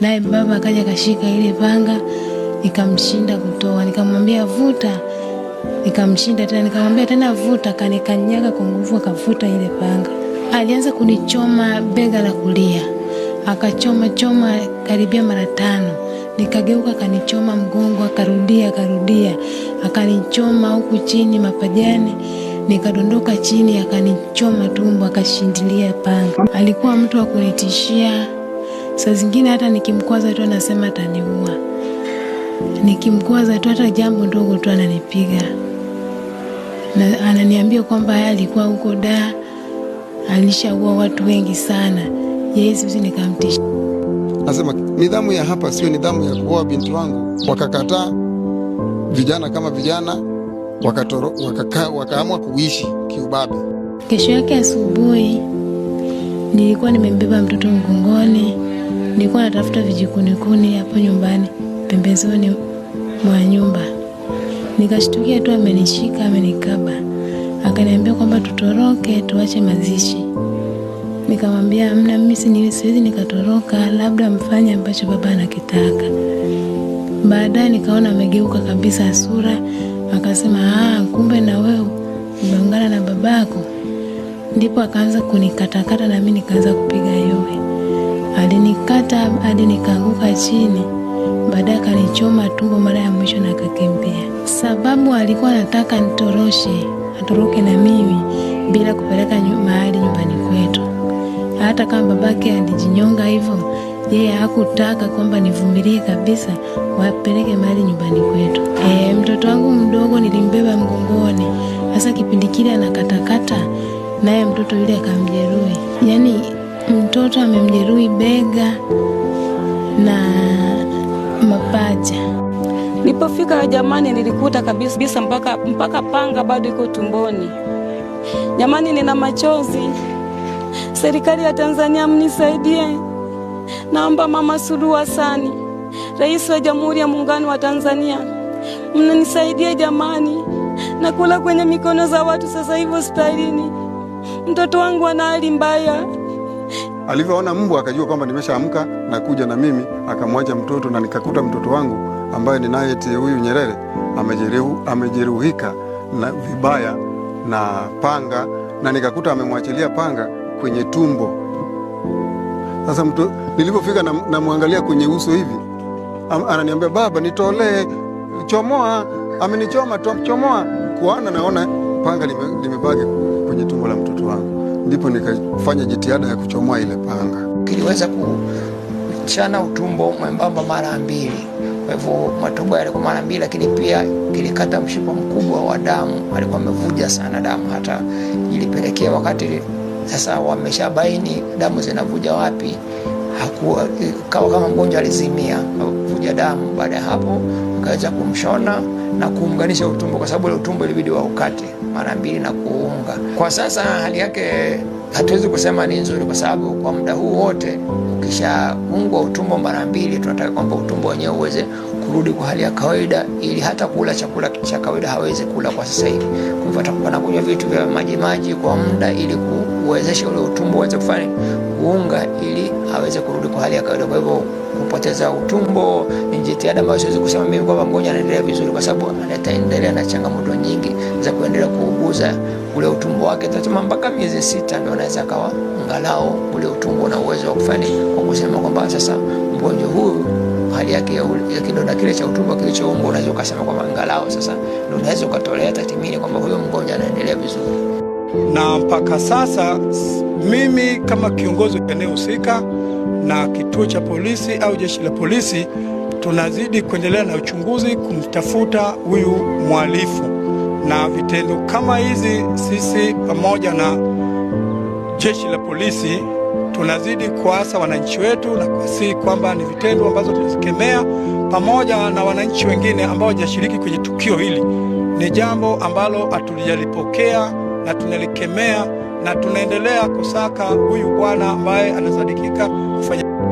Naye baba akaja akashika ile panga, nikamshinda kutoa, nikamwambia vuta, nikamshinda tena, nikamwambia tena vuta, kanikanyaga kwa nguvu, akavuta ile panga. Alianza kunichoma bega la kulia, akachoma choma karibia mara tano, nikageuka, akanichoma mgongo, akarudia akarudia, akanichoma huku chini mapajani nikadondoka chini, akanichoma tumbo, akashindilia panga. Alikuwa mtu wa kunitishia Saa zingine hata nikimkwaza tu anasema ataniua, nikimkwaza tu hata jambo ndogo tu ananipiga na ananiambia kwamba haya alikuwa huko da, alishaua watu wengi sana, Yesu, si nikamtisha. Nasema nidhamu ya hapa sio nidhamu ya kuoa binti wangu. Wakakataa vijana kama vijana, wakatoro, wakaka, wakaamua kuishi kiubabe. Kesho yake asubuhi nilikuwa nimembeba mtoto mgongoni Nilikuwa natafuta vijikunikuni hapo nyumbani pembezoni mwa nyumba, nikashtukia tu amenishika, amenikaba, akaniambia kwamba tutoroke, tuache mazishi. Nikamwambia amna, mimi siwezi nikatoroka, labda mfanye ambacho baba anakitaka. Baadaye nikaona amegeuka kabisa sura, akasema ah, kumbe na wewe umeungana na babako. Ndipo akaanza kunikatakata na mimi nikaanza kupiga yowe. Alinikata hadi nikaanguka chini, baadaye akanichoma tumbo mara ya mwisho na akakimbia. Sababu alikuwa anataka nitoroshe, atoroke na mimi bila kupeleka mahali nyumbani kwetu. Hata kama babake alijinyonga hivyo, yeye hakutaka kwamba nivumilie kabisa, wapeleke mahali nyumbani kwetu. E, mtoto wangu mdogo nilimbeba mgongoni, hasa kipindi kile anakatakata, naye mtoto yule akamjeruhi, yani mtoto amemjeruhi bega na mapaja. Nilipofika jamani, nilikuta kabisa mpaka, mpaka panga bado iko tumboni. Jamani, nina machozi. Serikali ya Tanzania mnisaidie, naomba Mama Suluhu Hassan, Rais wa Jamhuri ya Muungano wa Tanzania, mnisaidie jamani, nakula kwenye mikono za watu sasa hivi hospitalini. Mtoto wangu ana hali mbaya. Alivyoona mbwa akajua kwamba nimeshaamka na kuja na mimi, akamwacha mtoto na nikakuta mtoto wangu ambaye ninaye huyu Nyerere amejeruhu, amejeruhika na vibaya na panga na nikakuta amemwachilia panga kwenye tumbo. Sasa mtu nilipofika namwangalia na kwenye uso hivi, ananiambia baba, nitolee, chomoa, amenichoma, chomoa. Kuana naona panga limebaki lime kwenye tumbo la mtoto wangu ndipo nikafanya jitihada ya kuchomoa ile panga. Kiliweza kuchana utumbo mwembamba mara mbili, kwa hivyo matumbo yalikuwa mara mbili, lakini pia kilikata mshipa mkubwa wa damu, alikuwa amevuja sana damu, hata ilipelekea wakati sasa wameshabaini damu zinavuja wapi hakuwa kawa kama mgonjwa alizimia, kuja damu. Baada ya hapo, akaweza kumshona na kuunganisha utumbo, kwa sababu ile utumbo ilibidi wa ukate mara mbili na kuunga. Kwa sasa hali yake hatuwezi kusema ni nzuri, kwa sababu kwa muda huu wote ukishaungwa utumbo mara mbili, tunataka kwamba utumbo wenyewe uweze kurudi kwa hali ya kawaida, ili hata kula chakula cha kawaida hawezi kula kwa sasa hivi. Kwa hivyo atakuwa anakunywa vitu vya maji maji kwa muda, ili kuwezesha ule utumbo uweze kufanya kuunga, ili aweze kurudi kwa hali ya kawaida. Kwa hivyo kupoteza utumbo ni jitihada ambayo siwezi kusema mimi kwamba mgonjwa anaendelea vizuri, kwa sababu ataendelea na changamoto nyingi za kuendelea kuuguza ule utumbo wake. Tunasema mpaka miezi sita ndio anaweza akawa angalau ule utumbo na uwezo wa kufanya kwa kusema kwamba sasa mgonjwa huyu hali ya kidonda kile cha utumbo kilichoumbwa, unaweza ukasema kwamba angalau sasa ndio unaweza ukatolea tathmini kwamba huyo mgonjwa anaendelea vizuri. Na mpaka sasa mimi kama kiongozi wa eneo husika na kituo cha polisi au jeshi la polisi tunazidi kuendelea na uchunguzi kumtafuta huyu mhalifu, na vitendo kama hizi sisi pamoja na jeshi la polisi tunazidi kuasa wananchi wetu na kuwasihi kwamba ni vitendo ambazo tunazikemea pamoja na wananchi wengine ambao hawajashiriki kwenye tukio hili. Ni jambo ambalo hatulijalipokea na tunalikemea na tunaendelea kusaka huyu bwana ambaye anasadikika kufanya